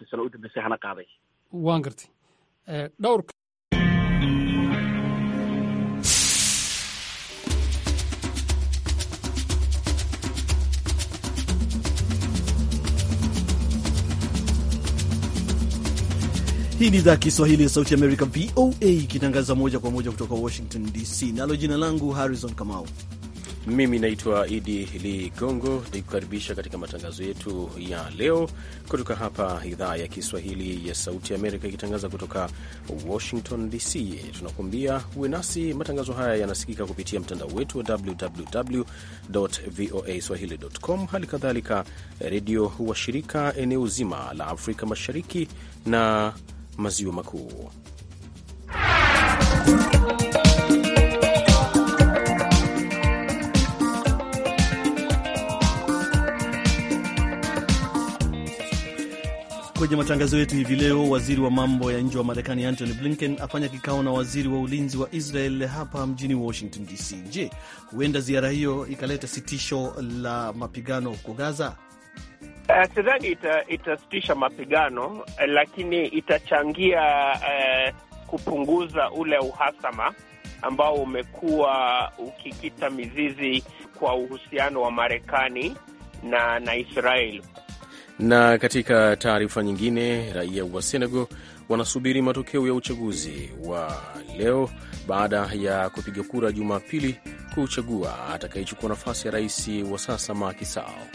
qiisana u dambeysay hana qaaday waan gartay eh, dhowr Hii ni idhaa ya Kiswahili ya Sauti Amerika, VOA, ikitangaza moja kwa moja kutoka Washington DC. Nalo jina langu Harrison Kamau mimi naitwa Idi Ligongo nikukaribisha katika matangazo yetu ya leo kutoka hapa idhaa ya Kiswahili ya Sauti Amerika ikitangaza kutoka Washington DC. Tunakuambia uwe nasi. Matangazo haya yanasikika kupitia mtandao wetu wa www voa swahili.com, hali kadhalika redio shirika eneo zima la Afrika Mashariki na Maziwa Makuu. Kwenye matangazo yetu hivi leo, waziri wa mambo ya nje wa Marekani Antony Blinken afanya kikao na waziri wa ulinzi wa Israel hapa mjini Washington DC. Je, huenda ziara hiyo ikaleta sitisho la mapigano huko Gaza? Uh, sidhani itasitisha ita mapigano, eh, lakini itachangia uh, kupunguza ule uhasama ambao umekuwa ukikita mizizi kwa uhusiano wa Marekani na na Israel. Na katika taarifa nyingine, raia wa Senegal wanasubiri matokeo ya uchaguzi wa leo baada ya kupiga kura Jumapili kuchagua atakayechukua nafasi ya rais wa sasa Macky Sall.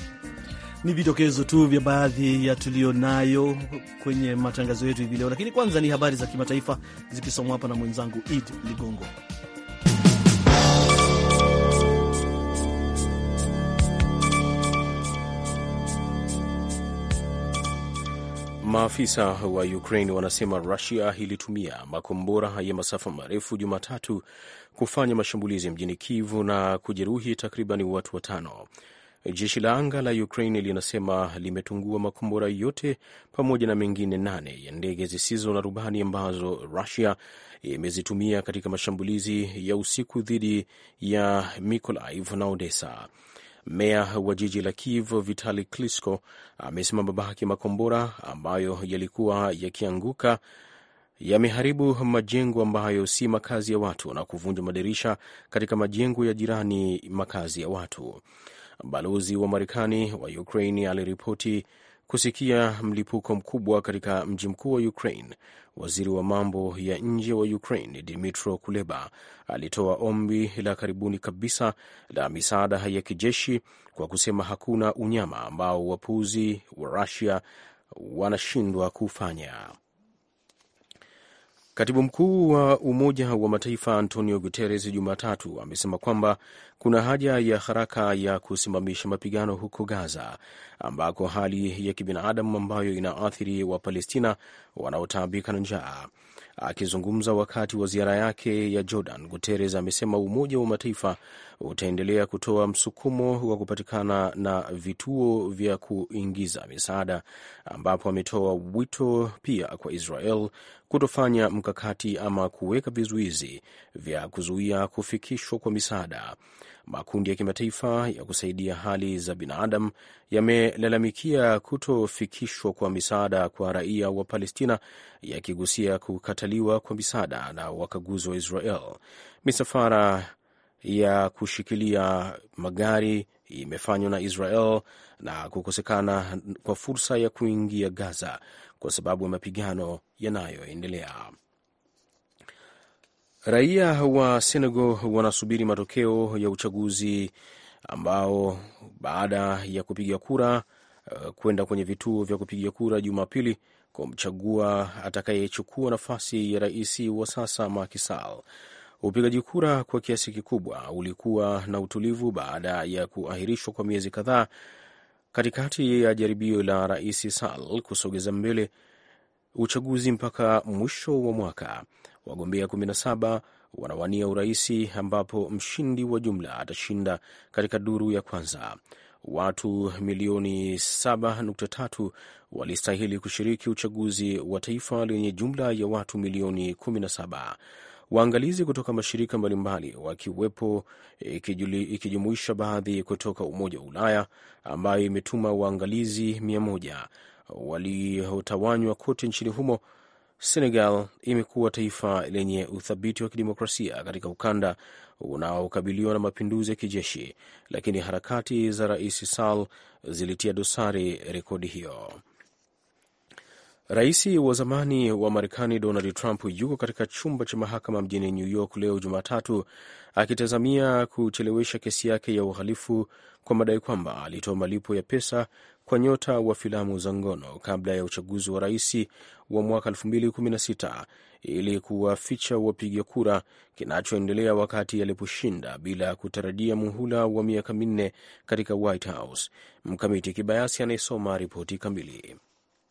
Ni vidokezo tu vya baadhi ya tuliyonayo kwenye matangazo yetu hivi leo, lakini kwanza ni habari za kimataifa zikisomwa hapa na mwenzangu Id Ligongo. Maafisa wa Ukraine wanasema Rusia ilitumia makombora ya masafa marefu Jumatatu kufanya mashambulizi mjini Kivu na kujeruhi takriban watu watano. Jeshi la anga la Ukraine linasema limetungua makombora yote pamoja na mengine nane ya ndege zisizo na rubani ambazo Rusia imezitumia katika mashambulizi ya usiku dhidi ya Mikolaiv na Odessa. Meya wa jiji la Kiev Vitali Klitschko amesema mabaki makombora ambayo yalikuwa yakianguka yameharibu majengo ambayo si makazi ya watu na kuvunja madirisha katika majengo ya jirani makazi ya watu. Balozi wa Marekani wa Ukraini aliripoti kusikia mlipuko mkubwa katika mji mkuu wa Ukraine. Waziri wa mambo ya nje wa Ukraine Dmytro Kuleba alitoa ombi la karibuni kabisa la misaada ya kijeshi kwa kusema hakuna unyama ambao wapuuzi wa rasia wanashindwa kufanya. Katibu mkuu wa Umoja wa Mataifa Antonio Guterres Jumatatu amesema kwamba kuna haja ya haraka ya kusimamisha mapigano huko Gaza, ambako hali ya kibinadamu ambayo inaathiri Wapalestina wanaotaabika na njaa Akizungumza wakati wa ziara yake ya Jordan, Guterres amesema Umoja wa Mataifa utaendelea kutoa msukumo wa kupatikana na vituo vya kuingiza misaada, ambapo ametoa wito pia kwa Israel kutofanya mkakati ama kuweka vizuizi vya kuzuia kufikishwa kwa misaada. Makundi ya kimataifa ya kusaidia hali za binadamu yamelalamikia kutofikishwa kwa misaada kwa raia wa Palestina, yakigusia kukataliwa kwa misaada na wakaguzi wa Israel. Misafara ya kushikilia magari imefanywa na Israel na kukosekana kwa fursa ya kuingia Gaza kwa sababu ya mapigano yanayoendelea. Raia wa Senegal wanasubiri matokeo ya uchaguzi ambao baada ya kupiga kura eh, kwenda kwenye vituo vya kupiga kura Jumapili kumchagua atakayechukua nafasi ya rais wa sasa Macky Sall. Upigaji kura kwa kiasi kikubwa ulikuwa na utulivu baada ya kuahirishwa kwa miezi kadhaa katikati ya jaribio la rais Sall kusogeza mbele uchaguzi mpaka mwisho wa mwaka. Wagombea 17 wanawania uraisi ambapo mshindi wa jumla atashinda katika duru ya kwanza. Watu milioni 7.3 walistahili kushiriki uchaguzi wa taifa lenye jumla ya watu milioni 17. Waangalizi kutoka mashirika mbalimbali wakiwepo, ikijumuisha baadhi kutoka Umoja wa Ulaya ambayo imetuma waangalizi 100 waliotawanywa kote nchini humo Senegal imekuwa taifa lenye uthabiti wa kidemokrasia katika ukanda unaokabiliwa na mapinduzi ya kijeshi, lakini harakati za Rais Sall zilitia dosari rekodi hiyo. Rais wa zamani wa Marekani Donald Trump yuko katika chumba cha mahakama mjini New York leo Jumatatu akitazamia kuchelewesha kesi yake ya uhalifu kwa madai kwamba alitoa malipo ya pesa kwa nyota wa filamu za ngono kabla ya uchaguzi wa rais wa mwaka 2016 ili kuwaficha wapiga kura kinachoendelea wakati aliposhinda bila kutarajia muhula wa miaka minne katika White House. Mkamiti Kibayasi anayesoma ripoti kamili.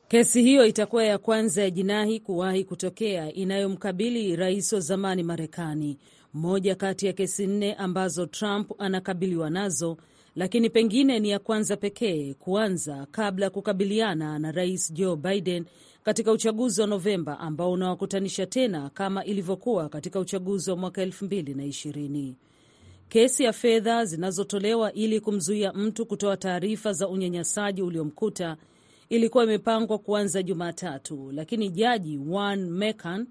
Kesi hiyo itakuwa ya kwanza ya jinai kuwahi kutokea inayomkabili rais wa zamani Marekani. Moja kati ya kesi nne ambazo Trump anakabiliwa nazo lakini pengine ni ya kwanza pekee kuanza kabla ya kukabiliana na Rais Joe Biden katika uchaguzi wa Novemba ambao unawakutanisha tena kama ilivyokuwa katika uchaguzi wa mwaka elfu mbili na ishirini. Kesi ya fedha zinazotolewa ili kumzuia mtu kutoa taarifa za unyanyasaji uliomkuta ilikuwa imepangwa kuanza Jumatatu, lakini jaji Juan Mekan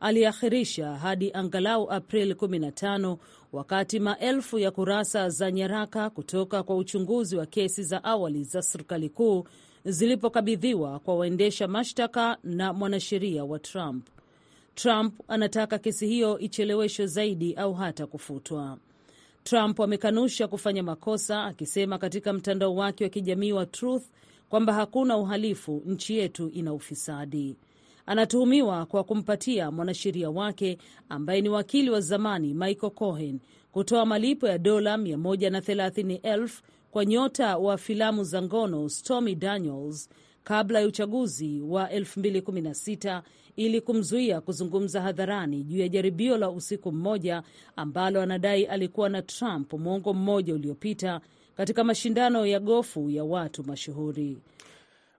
aliakhirisha hadi angalau Aprili 15 wakati maelfu ya kurasa za nyaraka kutoka kwa uchunguzi wa kesi za awali za serikali kuu zilipokabidhiwa kwa waendesha mashtaka na mwanasheria wa Trump. Trump anataka kesi hiyo icheleweshwe zaidi au hata kufutwa. Trump amekanusha kufanya makosa, akisema katika mtandao wake wa kijamii wa Truth kwamba hakuna uhalifu, nchi yetu ina ufisadi anatuhumiwa kwa kumpatia mwanasheria wake ambaye ni wakili wa zamani Michael Cohen kutoa malipo ya dola 130,000 kwa nyota wa filamu za ngono Stormy Daniels kabla ya uchaguzi wa 2016 ili kumzuia kuzungumza hadharani juu ya jaribio la usiku mmoja ambalo anadai alikuwa na Trump mwongo mmoja uliopita katika mashindano ya gofu ya watu mashuhuri.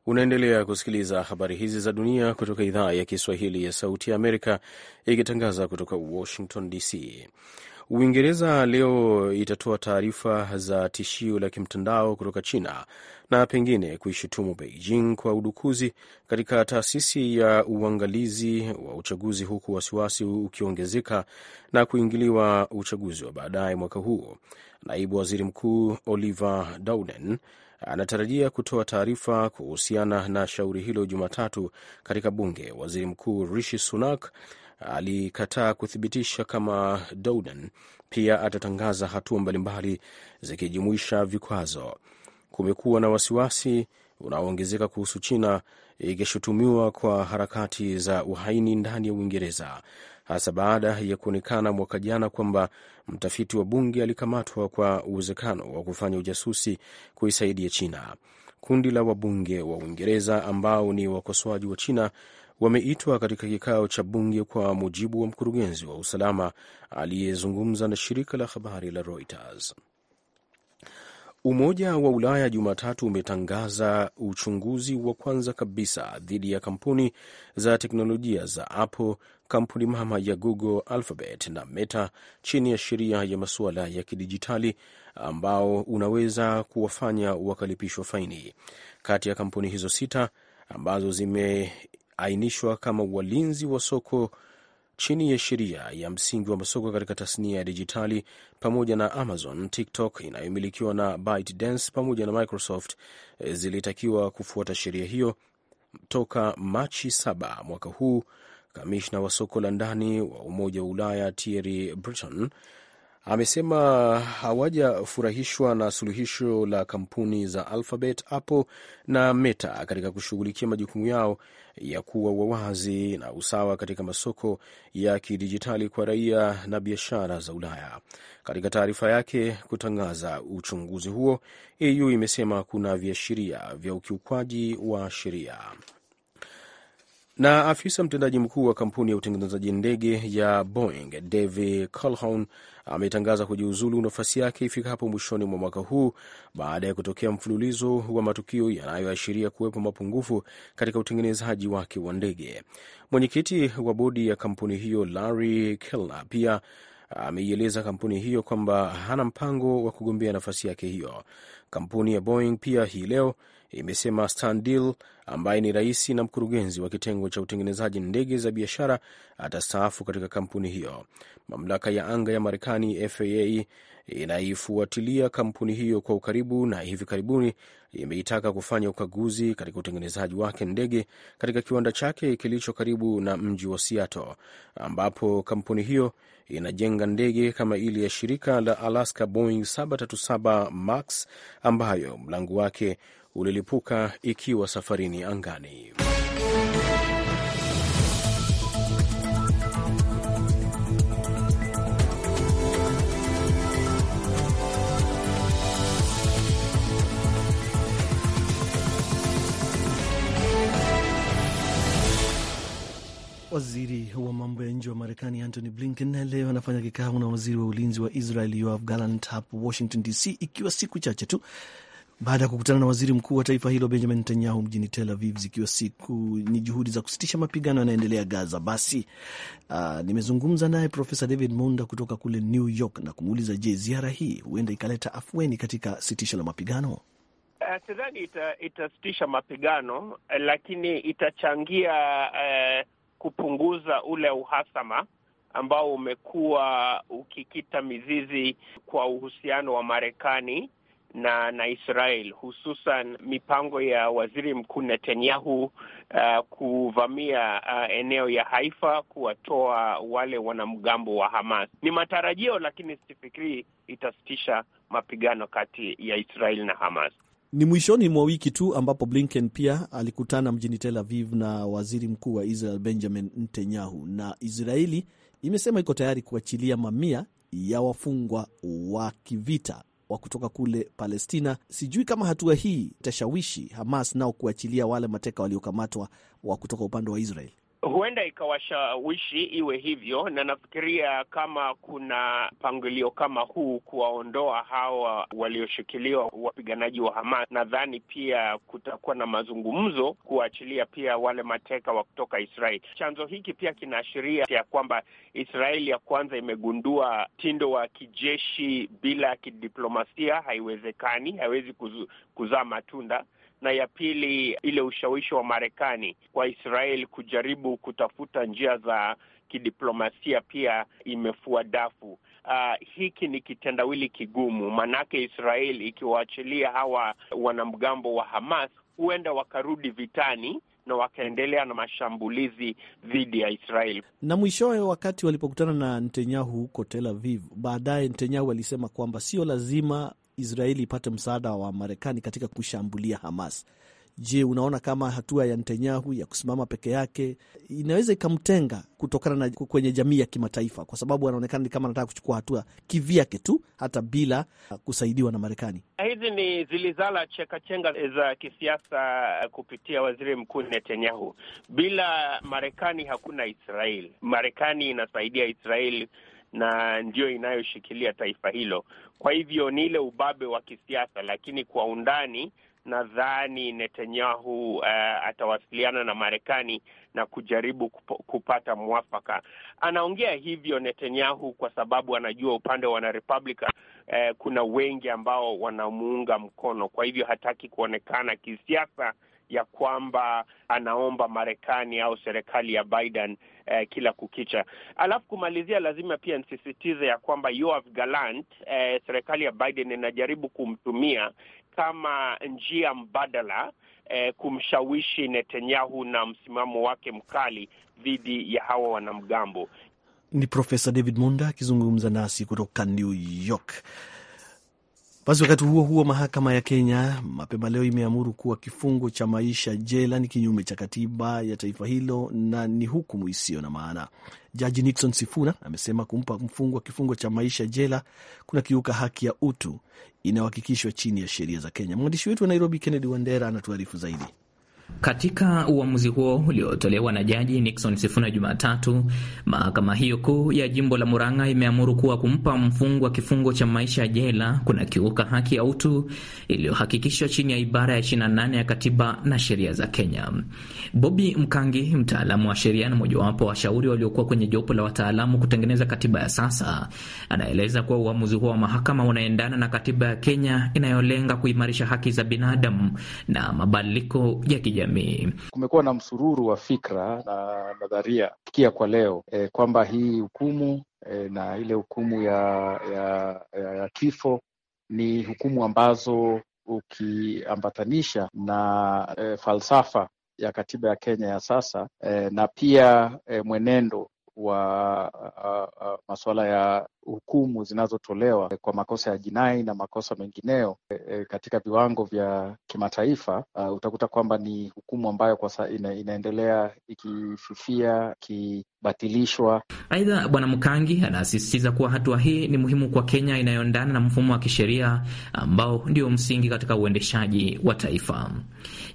Unaendelea kusikiliza habari hizi za dunia kutoka idhaa ya Kiswahili ya Sauti ya Amerika, ikitangaza kutoka Washington DC. Uingereza leo itatoa taarifa za tishio la kimtandao kutoka China na pengine kuishutumu Beijing kwa udukuzi katika taasisi ya uangalizi wa uchaguzi, huku wasiwasi ukiongezeka na kuingiliwa uchaguzi wa baadaye mwaka huo. Naibu waziri mkuu Oliver Dowden anatarajia kutoa taarifa kuhusiana na shauri hilo Jumatatu katika bunge. Waziri Mkuu Rishi Sunak alikataa kuthibitisha kama Dowden pia atatangaza hatua mbalimbali zikijumuisha vikwazo. Kumekuwa na wasiwasi unaoongezeka kuhusu China ikishutumiwa kwa harakati za uhaini ndani ya Uingereza hasa baada ya kuonekana mwaka jana kwamba mtafiti wa bunge alikamatwa kwa uwezekano wa kufanya ujasusi kuisaidia China. Kundi la wabunge wa Uingereza ambao ni wakosoaji wa China wameitwa katika kikao cha bunge kwa mujibu wa mkurugenzi wa usalama aliyezungumza na shirika la habari la Reuters. Umoja wa Ulaya Jumatatu umetangaza uchunguzi wa kwanza kabisa dhidi ya kampuni za teknolojia za Apple kampuni mama ya Google, Alphabet na Meta chini ya sheria ya masuala ya kidijitali ambao unaweza kuwafanya wakalipishwa faini. Kati ya kampuni hizo sita ambazo zimeainishwa kama walinzi wa soko chini ya sheria ya msingi wa masoko katika tasnia ya dijitali pamoja na Amazon, TikTok inayomilikiwa na ByteDance pamoja na Microsoft eh, zilitakiwa kufuata sheria hiyo toka Machi saba mwaka huu Kamishna wa soko la ndani wa Umoja wa Ulaya Thierry Breton amesema hawajafurahishwa na suluhisho la kampuni za Alphabet, Apple na Meta katika kushughulikia majukumu yao ya kuwa wawazi na usawa katika masoko ya kidijitali kwa raia na biashara za Ulaya. Katika taarifa yake kutangaza uchunguzi huo, EU imesema kuna viashiria vya ukiukwaji wa sheria. Na afisa mtendaji mkuu wa kampuni ya utengenezaji ndege ya Boeing Dave Calhoun ametangaza kujiuzulu nafasi yake ifikapo mwishoni mwa mwaka huu baada ya kutokea mfululizo wa matukio yanayoashiria kuwepo mapungufu katika utengenezaji wake wa ndege. Mwenyekiti wa bodi ya kampuni hiyo Larry Kellner pia ameieleza kampuni hiyo kwamba hana mpango wa kugombea nafasi yake hiyo. Kampuni ya Boeing pia hii leo imesema Stan Deal ambaye ni rais na mkurugenzi wa kitengo cha utengenezaji ndege za biashara atastaafu katika kampuni hiyo. Mamlaka ya anga ya Marekani FAA inaifuatilia kampuni hiyo kwa ukaribu na hivi karibuni imeitaka kufanya ukaguzi katika utengenezaji wake ndege katika kiwanda chake kilicho karibu na mji wa Seattle ambapo kampuni hiyo inajenga ndege kama ile ya shirika la Alaska Boeing 737 Max ambayo mlango wake ulilipuka ikiwa safarini angani. Waziri wa mambo ya nje wa Marekani Antony Blinken leo anafanya kikao na waziri wa ulinzi wa Israel Yoav Gallant hapo Washington DC, ikiwa siku chache tu baada ya kukutana na waziri mkuu wa taifa hilo Benjamin Netanyahu mjini Tel Aviv, zikiwa siku ni juhudi za kusitisha mapigano yanaendelea Gaza. Basi uh, nimezungumza naye Profesa David Monda kutoka kule New York na kumuuliza, je, ziara hii huenda ikaleta afueni katika sitisho la mapigano? Uh, sidhani ita, itasitisha mapigano eh, lakini itachangia uh, kupunguza ule uhasama ambao umekuwa ukikita mizizi kwa uhusiano wa Marekani na na Israel, hususan mipango ya waziri mkuu Netanyahu uh, kuvamia uh, eneo ya Haifa kuwatoa wale wanamgambo wa Hamas. Ni matarajio, lakini sifikirii itasitisha mapigano kati ya Israel na Hamas. Ni mwishoni mwa wiki tu ambapo Blinken pia alikutana mjini Tel Aviv na waziri mkuu wa Israel Benjamin Netanyahu, na Israeli imesema iko tayari kuachilia mamia ya wafungwa wa kivita wa kutoka kule Palestina. Sijui kama hatua hii itashawishi Hamas nao kuachilia wale mateka waliokamatwa wa kutoka upande wa Israel huenda ikawashawishi iwe hivyo, na nafikiria kama kuna mpangilio kama huu kuwaondoa hawa walioshikiliwa wapiganaji wa Hamas, nadhani pia kutakuwa na mazungumzo kuwaachilia pia wale mateka wa kutoka Israeli. Chanzo hiki pia kinaashiria ya kwamba Israeli ya kwanza imegundua mtindo wa kijeshi bila kidiplomasia haiwezekani, haiwezi kuzaa matunda na ya pili ile ushawishi wa Marekani kwa Israel kujaribu kutafuta njia za kidiplomasia pia imefua dafu. Uh, hiki ni kitendawili kigumu, maanake Israel ikiwaachilia hawa wanamgambo wa Hamas huenda wakarudi vitani na wakaendelea na mashambulizi dhidi ya Israel. Na mwishowe, wakati walipokutana na Netanyahu huko Tel Aviv, baadaye Netanyahu alisema kwamba sio lazima Israeli ipate msaada wa Marekani katika kushambulia Hamas. Je, unaona kama hatua ya Netanyahu ya kusimama peke yake inaweza ikamtenga kutokana na kwenye jamii ya kimataifa, kwa sababu anaonekana ni kama anataka kuchukua hatua kivyake tu hata bila kusaidiwa na Marekani? Hizi ni zilizala chekachenga za kisiasa kupitia waziri mkuu Netanyahu. Bila Marekani hakuna Israeli. Marekani inasaidia Israeli na ndiyo inayoshikilia taifa hilo. Kwa hivyo ni ile ubabe wa kisiasa, lakini kwa undani nadhani Netanyahu uh, atawasiliana na Marekani na kujaribu kupata mwafaka. Anaongea hivyo Netanyahu kwa sababu anajua upande wa wanarepublica uh, eh, kuna wengi ambao wanamuunga mkono, kwa hivyo hataki kuonekana kisiasa ya kwamba anaomba Marekani au serikali ya Biden eh, kila kukicha. Alafu kumalizia, lazima pia nisisitize ya kwamba Yoav Gallant, eh, serikali ya Biden inajaribu kumtumia kama njia mbadala eh, kumshawishi Netanyahu na msimamo wake mkali dhidi ya hawa wanamgambo. Ni Profesa David munda akizungumza nasi kutoka New York. Basi wakati huo huo, mahakama ya Kenya mapema leo imeamuru kuwa kifungo cha maisha jela ni kinyume cha katiba ya taifa hilo na ni hukumu isiyo na maana. Jaji Nixon Sifuna amesema kumpa mfungwa kifungo cha maisha jela kuna kiuka haki ya utu inayohakikishwa chini ya sheria za Kenya. Mwandishi wetu wa Nairobi, Kennedy Wandera, anatuarifu zaidi. Katika uamuzi huo uliotolewa na Jaji Nixon Sifuna Jumatatu, mahakama hiyo kuu ya jimbo la Murang'a imeamuru kuwa kumpa mfungwa kifungo cha maisha jela kuna kiuka haki ya utu iliyohakikishwa chini ya ibara ya 28 ya katiba na sheria za Kenya. Bobi Mkangi, mtaalamu wa sheria na mojawapo wa washauri waliokuwa kwenye jopo la wataalamu kutengeneza katiba ya sasa, anaeleza kuwa uamuzi huo wa mahakama unaendana na katiba ya Kenya inayolenga kuimarisha haki za binadamu na mabadiliko ya jamii. Kumekuwa na msururu wa fikra na nadharia fikia kwa leo e, kwamba hii hukumu e, na ile hukumu ya, ya, ya, ya kifo ni hukumu ambazo ukiambatanisha na e, falsafa ya katiba ya Kenya ya sasa e, na pia e, mwenendo wa uh, uh, masuala ya hukumu zinazotolewa kwa makosa ya jinai na makosa mengineyo e, e, katika viwango vya kimataifa uh, utakuta kwamba ni hukumu ambayo kwa sasa ina, inaendelea ikififia ikibatilishwa. Aidha, Bwana Mkangi anasisitiza kuwa hatua hii ni muhimu kwa Kenya inayoendana na mfumo wa kisheria ambao ndio msingi katika uendeshaji wa taifa.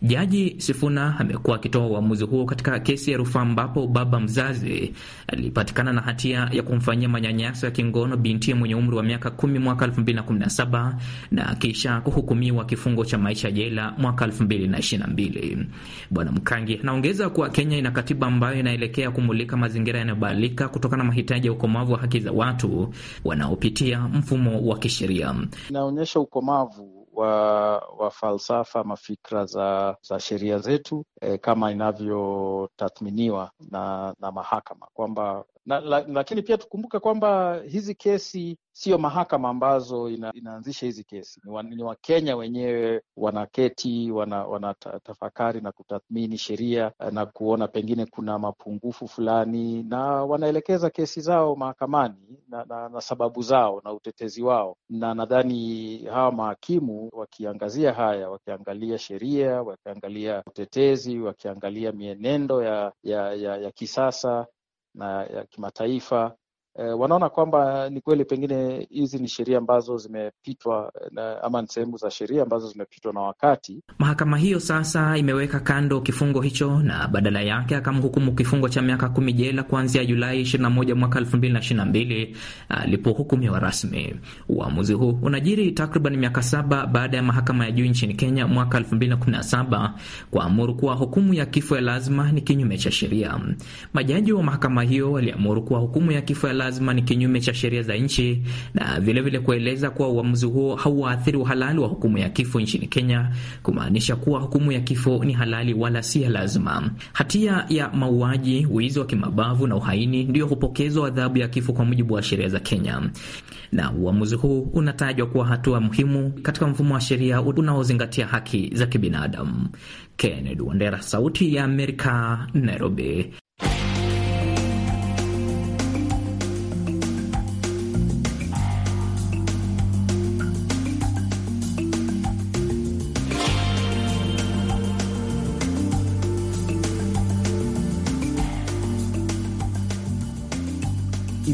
Jaji Sifuna amekuwa akitoa uamuzi huo katika kesi ya rufaa ambapo baba mzazi alipatikana na hatia ya kumfanyia manyanyaso ya kingono binti mwenye umri wa miaka kumi mwaka 2017 na kisha kuhukumiwa kifungo cha maisha jela mwaka 2022. Bwana Mkangi anaongeza kuwa Kenya ina katiba ambayo inaelekea kumulika mazingira yanayobadilika kutokana na mahitaji ya ukomavu wa haki za watu wanaopitia mfumo wa kisheria. Inaonyesha ukomavu wa, wa falsafa ama fikra za, za sheria zetu e, kama inavyotathminiwa na, na mahakama kwamba na, la, lakini pia tukumbuke kwamba hizi kesi siyo mahakama ambazo ina, inaanzisha hizi kesi, ni Wakenya wenyewe wanaketi wanatafakari wana na kutathmini sheria na kuona pengine kuna mapungufu fulani, na wanaelekeza kesi zao mahakamani na, na, na sababu zao na utetezi wao, na nadhani hawa mahakimu wakiangazia haya, wakiangalia sheria, wakiangalia utetezi, wakiangalia mienendo ya, ya, ya, ya kisasa na ya kimataifa eh, wanaona kwamba ni kweli pengine hizi ni sheria ambazo zimepitwa eh, ama ni sehemu za sheria ambazo zimepitwa na wakati. Mahakama hiyo sasa imeweka kando kifungo hicho na badala yake akamhukumu kifungo cha miaka kumi jela kuanzia Julai 21 mwaka 2022 eh, alipohukumiwa rasmi. Uamuzi huu unajiri takriban miaka saba baada ya mahakama ya juu nchini Kenya mwaka 2017 kuamuru kuwa hukumu ya kifo ya lazima ni kinyume cha sheria. Majaji wa mahakama hiyo waliamuru kuwa hukumu ya kifo ya lazima ni kinyume cha sheria za nchi na vilevile kueleza kuwa uamuzi huo hauwaathiri uhalali wa hukumu ya kifo nchini Kenya, kumaanisha kuwa hukumu ya kifo ni halali wala si ya lazima. Hatia ya mauaji, wizi wa kimabavu na uhaini ndiyo hupokezwa adhabu ya kifo kwa mujibu wa sheria za Kenya, na uamuzi huu unatajwa kuwa hatua muhimu katika mfumo wa sheria unaozingatia haki za kibinadamu. Kennedy Wandera, Sauti ya Amerika, Nairobi.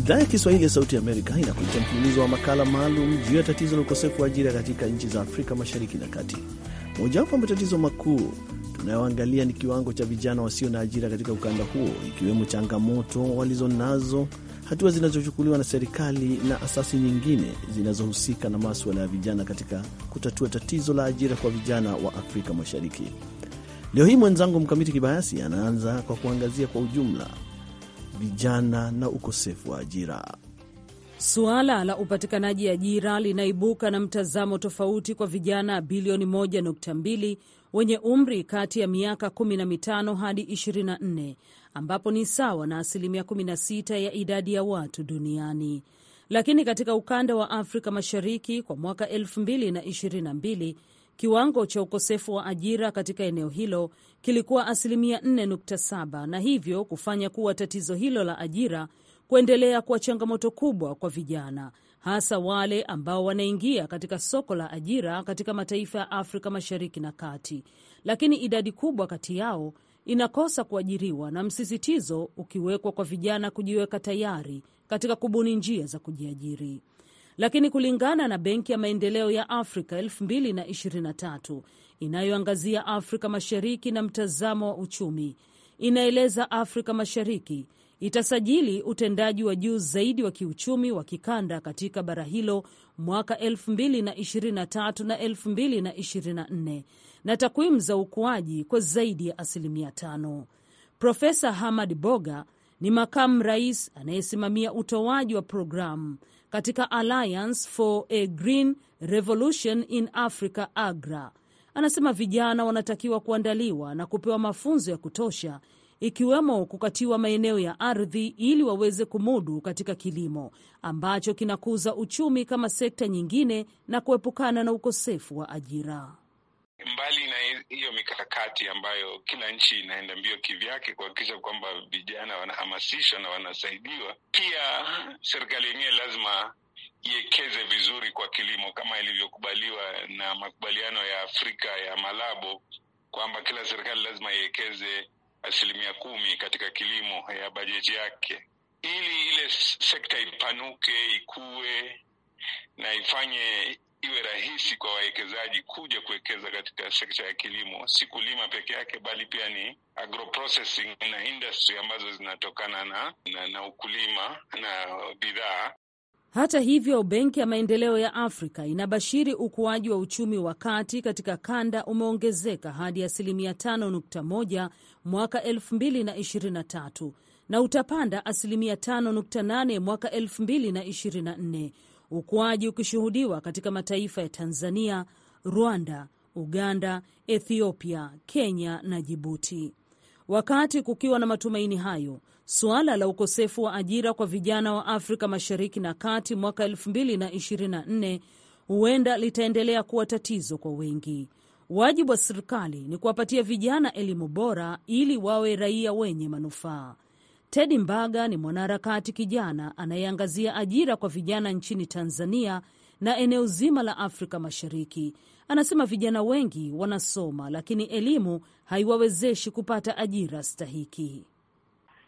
Idhaa ya Kiswahili ya Sauti Amerika inakuletea mfululizo wa makala maalum juu ya tatizo la ukosefu wa ajira katika nchi za Afrika Mashariki na Kati. Mojawapo ya matatizo makuu tunayoangalia ni kiwango cha vijana wasio na ajira katika ukanda huo, ikiwemo changamoto walizo nazo, hatua zinazochukuliwa na serikali na asasi nyingine zinazohusika na maswala ya vijana katika kutatua tatizo la ajira kwa vijana wa Afrika Mashariki. Leo hii mwenzangu Mkamiti Kibayasi anaanza kwa kuangazia kwa ujumla vijana na ukosefu wa ajira. Suala la upatikanaji ajira linaibuka na mtazamo tofauti kwa vijana bilioni 1.2 wenye umri kati ya miaka 15 hadi 24 ambapo ni sawa na asilimia 16 ya idadi ya watu duniani. Lakini katika ukanda wa Afrika Mashariki kwa mwaka 2022 Kiwango cha ukosefu wa ajira katika eneo hilo kilikuwa asilimia 4.7 na hivyo kufanya kuwa tatizo hilo la ajira kuendelea kuwa changamoto kubwa kwa vijana, hasa wale ambao wanaingia katika soko la ajira katika mataifa ya Afrika Mashariki na Kati, lakini idadi kubwa kati yao inakosa kuajiriwa na msisitizo ukiwekwa kwa vijana kujiweka tayari katika kubuni njia za kujiajiri. Lakini kulingana na Benki ya Maendeleo ya Afrika 2023 inayoangazia Afrika Mashariki na mtazamo wa uchumi, inaeleza Afrika Mashariki itasajili utendaji wa juu zaidi wa kiuchumi wa kikanda katika bara hilo mwaka 2023 na 2024 na takwimu za ukuaji kwa zaidi ya asilimia tano. Profesa Hamad Boga ni makamu rais anayesimamia utoaji wa programu katika Alliance for a Green Revolution in Africa AGRA. Anasema vijana wanatakiwa kuandaliwa na kupewa mafunzo ya kutosha ikiwemo kukatiwa maeneo ya ardhi ili waweze kumudu katika kilimo ambacho kinakuza uchumi kama sekta nyingine na kuepukana na ukosefu wa ajira. Mbali hiyo mikakati ambayo kila nchi inaenda mbio kivyake kuhakikisha kwamba vijana wanahamasishwa na wanasaidiwa. Pia serikali yenyewe lazima iekeze vizuri kwa kilimo kama ilivyokubaliwa na makubaliano ya Afrika ya Malabo kwamba kila serikali lazima iwekeze asilimia kumi katika kilimo ya bajeti yake, ili ile sekta ipanuke, ikue na ifanye iwe rahisi kwa wawekezaji kuja kuwekeza katika sekta ya kilimo, si kulima peke yake, bali pia ni agroprocessing na industry ambazo zinatokana na, na, na ukulima na bidhaa. Hata hivyo, Benki ya Maendeleo ya Afrika inabashiri ukuaji wa uchumi wa kati katika kanda umeongezeka hadi asilimia 5.1 mwaka 2023 na utapanda asilimia 5.8 mwaka 2024 ukuaji ukishuhudiwa katika mataifa ya Tanzania, Rwanda, Uganda, Ethiopia, Kenya na Jibuti. Wakati kukiwa na matumaini hayo, suala la ukosefu wa ajira kwa vijana wa Afrika Mashariki na Kati mwaka 2024 huenda litaendelea kuwa tatizo kwa wengi. Wajibu wa serikali ni kuwapatia vijana elimu bora ili wawe raia wenye manufaa. Tedi Mbaga ni mwanaharakati kijana anayeangazia ajira kwa vijana nchini Tanzania na eneo zima la Afrika Mashariki. Anasema vijana wengi wanasoma lakini elimu haiwawezeshi kupata ajira stahiki.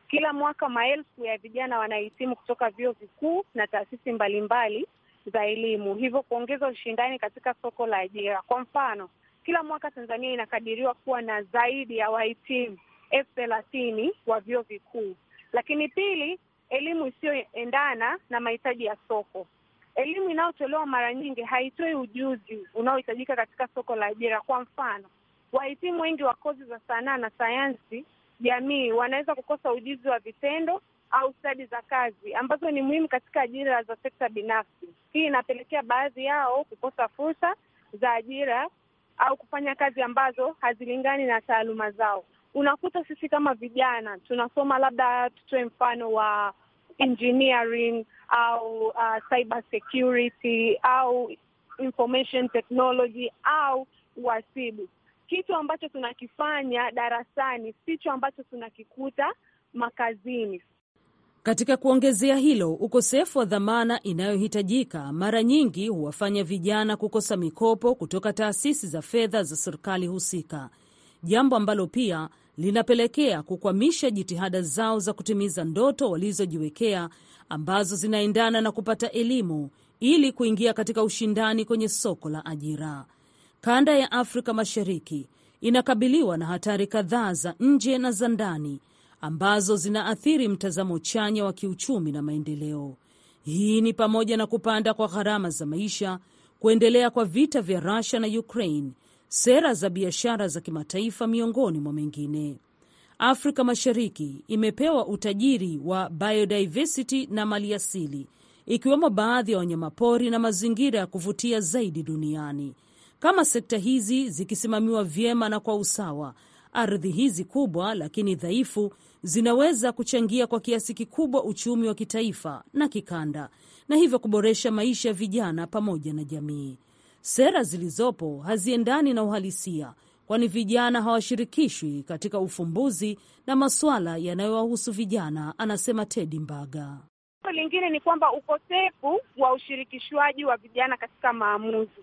Kila mwaka maelfu ya vijana wanahitimu kutoka vyuo vikuu na taasisi mbalimbali za elimu, hivyo kuongeza ushindani katika soko la ajira. Kwa mfano, kila mwaka Tanzania inakadiriwa kuwa na zaidi ya wahitimu elfu thelathini wa vyuo vikuu lakini pili, elimu isiyoendana na mahitaji ya soko. Elimu inayotolewa mara nyingi haitoi ujuzi unaohitajika katika soko la ajira. Kwa mfano, wahitimu wengi wa kozi za sanaa na sayansi jamii wanaweza kukosa ujuzi wa vitendo au stadi za kazi ambazo ni muhimu katika ajira za sekta binafsi. Hii inapelekea baadhi yao kukosa fursa za ajira au kufanya kazi ambazo hazilingani na taaluma zao unakuta sisi kama vijana tunasoma labda, tutoe mfano wa engineering au uh, cyber security au information technology au uhasibu. Kitu ambacho tunakifanya darasani sicho ambacho tunakikuta makazini. Katika kuongezea hilo, ukosefu wa dhamana inayohitajika mara nyingi huwafanya vijana kukosa mikopo kutoka taasisi za fedha za serikali husika, jambo ambalo pia linapelekea kukwamisha jitihada zao za kutimiza ndoto walizojiwekea ambazo zinaendana na kupata elimu ili kuingia katika ushindani kwenye soko la ajira. Kanda ya Afrika Mashariki inakabiliwa na hatari kadhaa za nje na za ndani ambazo zinaathiri mtazamo chanya wa kiuchumi na maendeleo. Hii ni pamoja na kupanda kwa gharama za maisha, kuendelea kwa vita vya Russia na Ukraine sera za biashara za kimataifa, miongoni mwa mengine. Afrika Mashariki imepewa utajiri wa biodiversity na maliasili ikiwemo baadhi ya wanyamapori na mazingira ya kuvutia zaidi duniani. Kama sekta hizi zikisimamiwa vyema na kwa usawa, ardhi hizi kubwa lakini dhaifu zinaweza kuchangia kwa kiasi kikubwa uchumi wa kitaifa na kikanda, na hivyo kuboresha maisha ya vijana pamoja na jamii. Sera zilizopo haziendani na uhalisia, kwani vijana hawashirikishwi katika ufumbuzi na masuala yanayowahusu vijana, anasema Tedi Mbaga. Lingine ni kwamba ukosefu wa ushirikishwaji wa vijana katika maamuzi.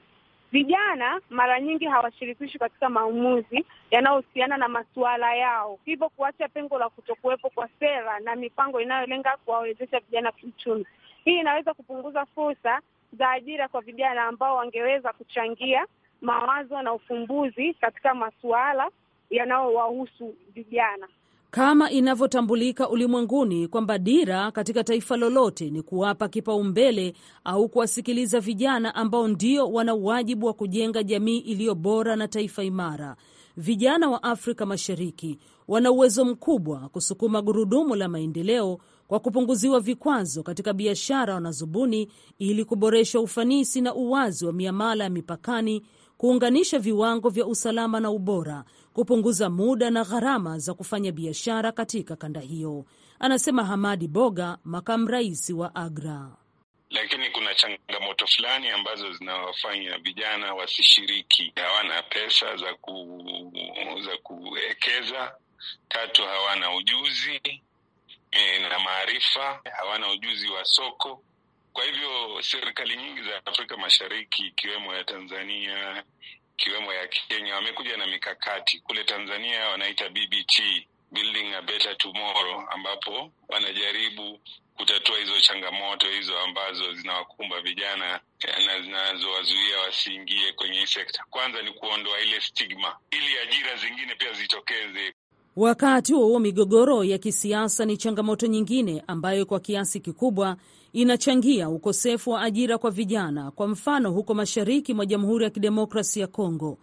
Vijana mara nyingi hawashirikishwi katika maamuzi yanayohusiana na masuala yao, hivyo kuacha pengo la kutokuwepo kwa sera na mipango inayolenga kuwawezesha vijana kiuchumi. Hii inaweza kupunguza fursa za ajira kwa vijana ambao wangeweza kuchangia mawazo na ufumbuzi katika masuala yanayowahusu vijana. Kama inavyotambulika ulimwenguni kwamba dira katika taifa lolote ni kuwapa kipaumbele au kuwasikiliza vijana ambao ndio wana wajibu wa kujenga jamii iliyo bora na taifa imara. Vijana wa Afrika Mashariki wana uwezo mkubwa kusukuma gurudumu la maendeleo kwa kupunguziwa vikwazo katika biashara wanazubuni ili kuboresha ufanisi na uwazi wa miamala ya mipakani, kuunganisha viwango vya usalama na ubora, kupunguza muda na gharama za kufanya biashara katika kanda hiyo, anasema Hamadi Boga, makamu rais wa AGRA. Lakini kuna changamoto fulani ambazo zinawafanya vijana wasishiriki. Hawana pesa za ku za kuwekeza. Tatu, hawana ujuzi E, na maarifa, hawana ujuzi wa soko. Kwa hivyo serikali nyingi za Afrika Mashariki ikiwemo ya Tanzania, ikiwemo ya Kenya wamekuja na mikakati. Kule Tanzania wanaita BBT, Building a Better Tomorrow, ambapo wanajaribu kutatua hizo changamoto hizo ambazo zinawakumba vijana na zinazowazuia wasiingie kwenye hii sekta. Kwanza ni kuondoa ile stigma, ili ajira zingine pia zitokeze Wakati huo huo, migogoro ya kisiasa ni changamoto nyingine ambayo kwa kiasi kikubwa inachangia ukosefu wa ajira kwa vijana. Kwa mfano, huko mashariki mwa Jamhuri ya Kidemokrasi ya Kongo,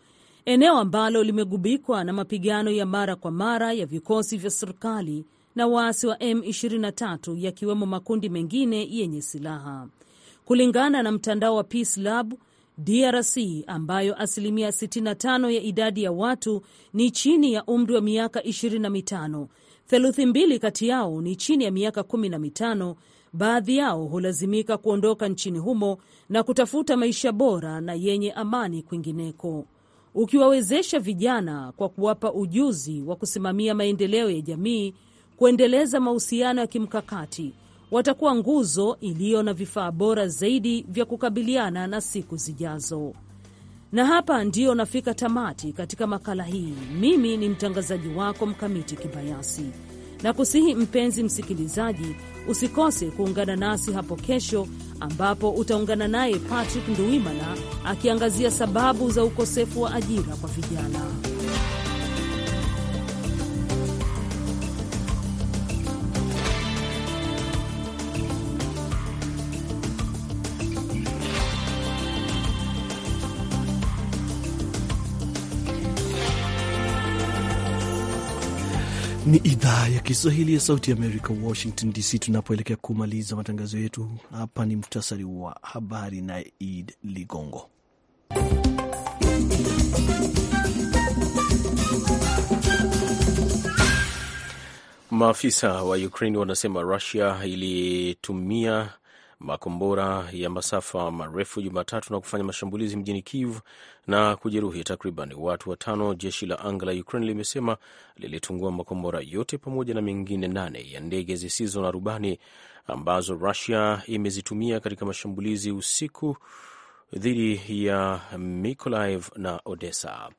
eneo ambalo limegubikwa na mapigano ya mara kwa mara ya vikosi vya serikali na waasi wa M23 yakiwemo makundi mengine yenye silaha. Kulingana na mtandao wa Peace Lab, DRC ambayo asilimia 65 ya idadi ya watu ni chini ya umri wa miaka 25, theluthi mbili kati yao ni chini ya miaka 15. Baadhi yao hulazimika kuondoka nchini humo na kutafuta maisha bora na yenye amani kwingineko. Ukiwawezesha vijana kwa kuwapa ujuzi wa kusimamia maendeleo ya jamii, kuendeleza mahusiano ya kimkakati watakuwa nguzo iliyo na vifaa bora zaidi vya kukabiliana na siku zijazo. Na hapa ndiyo nafika tamati katika makala hii. Mimi ni mtangazaji wako Mkamiti Kibayasi, na kusihi mpenzi msikilizaji, usikose kuungana nasi hapo kesho, ambapo utaungana naye Patrick Nduwimana akiangazia sababu za ukosefu wa ajira kwa vijana. Ni idhaa ya Kiswahili ya Sauti Amerika, Washington DC. Tunapoelekea kumaliza matangazo yetu hapa, ni muhtasari wa habari na Id Ligongo. Maafisa wa Ukraine wanasema Rusia ilitumia makombora ya masafa marefu Jumatatu na kufanya mashambulizi mjini Kiev na kujeruhi takriban watu watano. Jeshi la anga la Ukraine limesema lilitungua makombora yote pamoja na mengine nane ya ndege zisizo na rubani ambazo Rusia imezitumia katika mashambulizi usiku dhidi ya Mykolaiv na Odessa.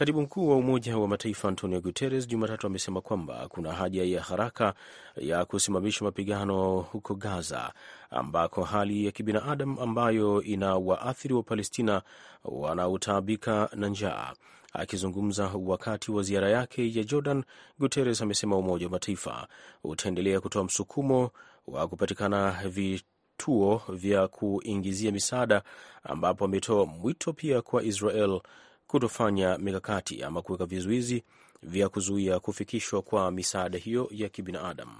Katibu mkuu wa Umoja wa Mataifa Antonio Guterres Jumatatu amesema kwamba kuna haja ya haraka ya kusimamisha mapigano huko Gaza, ambako hali ya kibinadamu ambayo ina waathiri wa Palestina wanaotaabika na njaa. Akizungumza wakati wa ziara yake ya Jordan, Guterres amesema Umoja wa Mataifa utaendelea kutoa msukumo wa kupatikana vi vituo vya kuingizia misaada ambapo ametoa mwito pia kwa Israel kutofanya mikakati ama kuweka vizuizi vya kuzuia kufikishwa kwa misaada hiyo ya kibinadamu.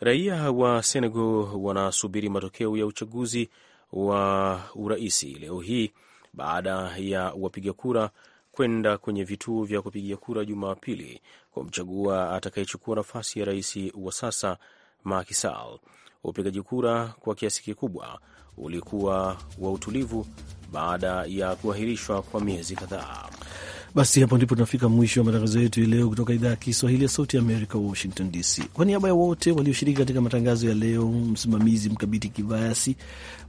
Raia wa Senegal wanasubiri matokeo ya uchaguzi wa uraisi leo hii baada ya wapiga kura kwenda kwenye vituo vya kupigia kura Jumapili kumchagua atakayechukua nafasi ya rais wa sasa Macky Sall. Upigaji kura kwa kiasi kikubwa ulikuwa wa utulivu baada ya kuahirishwa kwa miezi kadhaa. Basi hapo ndipo tunafika mwisho wa matangazo yetu ya leo kutoka idhaa ya Kiswahili ya Sauti ya Amerika, Washington DC. Kwa niaba ya wote walioshiriki katika matangazo ya leo, msimamizi Mkabiti Kibayasi,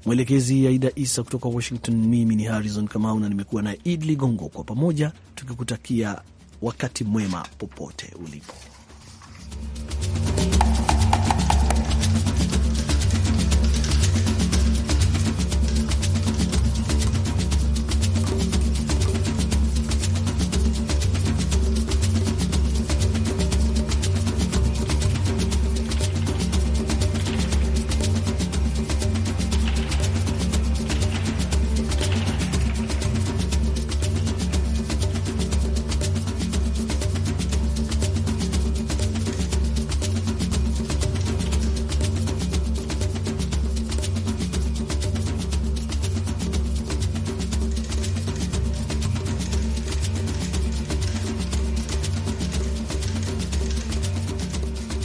mwelekezi Aida Isa kutoka Washington, mimi ni Harrison Kamau na nimekuwa na idli gongo kwa pamoja tukikutakia wakati mwema popote ulipo.